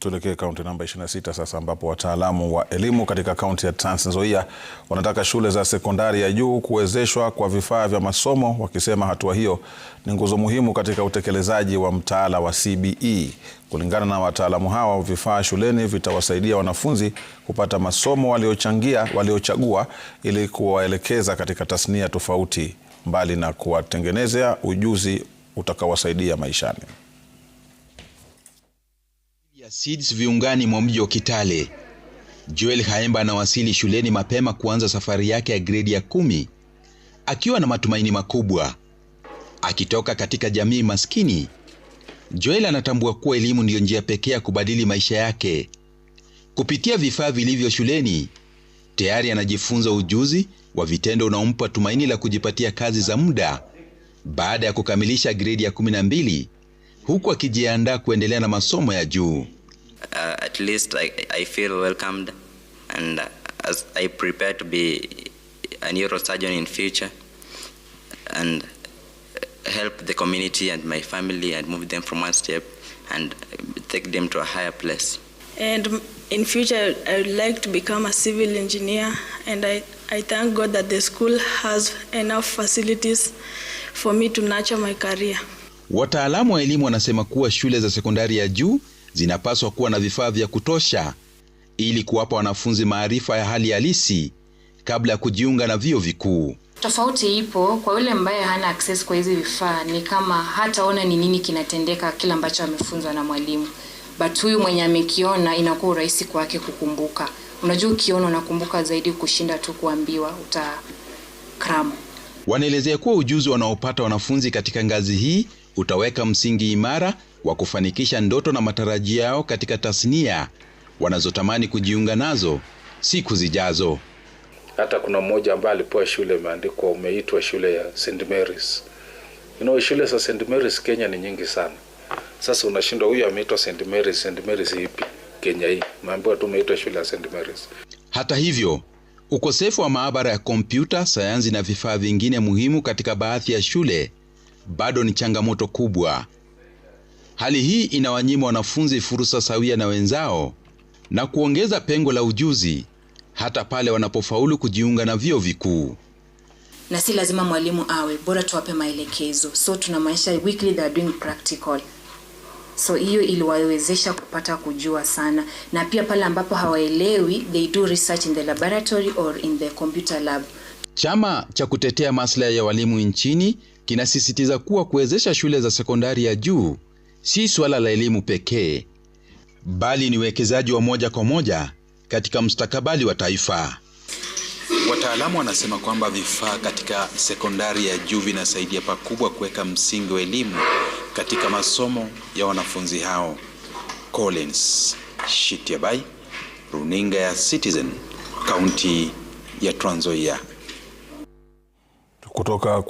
Tuelekee kaunti namba 26 sasa ambapo wataalamu wa elimu katika kaunti ya Trans Nzoia wanataka shule za sekondari ya juu kuwezeshwa kwa vifaa vya masomo wakisema hatua hiyo ni nguzo muhimu katika utekelezaji wa mtaala wa CBE. Kulingana na wataalamu hawa, vifaa shuleni vitawasaidia wanafunzi kupata masomo waliochangia waliochagua ili kuwaelekeza katika tasnia tofauti mbali na kuwatengenezea ujuzi utakaowasaidia maishani. Seeds viungani mwa mji wa Kitale. Joel Haemba anawasili shuleni mapema kuanza safari yake ya gredi ya kumi akiwa na matumaini makubwa. Akitoka katika jamii maskini, Joel anatambua kuwa elimu ndiyo njia pekee ya kubadili maisha yake. Kupitia vifaa vilivyo shuleni, tayari anajifunza ujuzi wa vitendo unaompa tumaini la kujipatia kazi za muda baada ya kukamilisha gredi ya 12 huku akijiandaa kuendelea na masomo ya juu uh, at least I, I feel welcomed and uh, as I prepare to be a neurosurgeon in future and help the community and my family and move them from one step and take them to a higher place. And in future, I would like to become a civil engineer and I, I thank God that the school has enough facilities for me to nurture my career. Wataalamu wa elimu wanasema kuwa shule za sekondari ya juu zinapaswa kuwa na vifaa vya kutosha ili kuwapa wanafunzi maarifa ya hali halisi kabla ya kujiunga na vyuo vikuu. Tofauti ipo kwa yule ambaye hana access kwa hizi vifaa, ni kama hataona ni nini kinatendeka kile ambacho amefunzwa na mwalimu, but huyu mwenye amekiona inakuwa urahisi kwake kukumbuka. Unajua, ukiona unakumbuka zaidi kushinda tu kuambiwa uta kram. Wanaelezea kuwa ujuzi wanaopata wanafunzi katika ngazi hii utaweka msingi imara wa kufanikisha ndoto na matarajio yao katika tasnia wanazotamani kujiunga nazo siku zijazo. Hata kuna mmoja ambaye alipewa shule imeandikwa umeitwa shule ya St Mary's. You know, shule za St Mary's Kenya ni nyingi sana. Sasa unashindwa huyu ameitwa St Mary's, St Mary's ipi Kenya hii? Maambiwa tu umeitwa shule ya St Mary's. Hata hivyo ukosefu wa maabara ya kompyuta, sayansi na vifaa vingine muhimu katika baadhi ya shule bado ni changamoto kubwa. Hali hii inawanyima wanafunzi fursa sawia na wenzao na kuongeza pengo la ujuzi hata pale wanapofaulu kujiunga na vyuo vikuu. Na si lazima mwalimu awe, bora tuwape maelekezo. So tunamaanisha weekly they are doing practical. So hiyo iliwawezesha kupata kujua sana, na pia pale ambapo hawaelewi they do research in the laboratory or in the computer lab. Chama cha kutetea maslahi ya walimu nchini kinasisitiza kuwa kuwezesha shule za sekondari ya juu si suala la elimu pekee, bali ni uwekezaji wa moja kwa moja katika mustakabali wa taifa. Wataalamu wanasema kwamba vifaa katika sekondari ya juu vinasaidia pakubwa kuweka msingi wa elimu katika masomo ya wanafunzi hao. Collins Shitiabai, runinga ya Citizen, kaunti ya Trans Nzoia. Kutoka kwa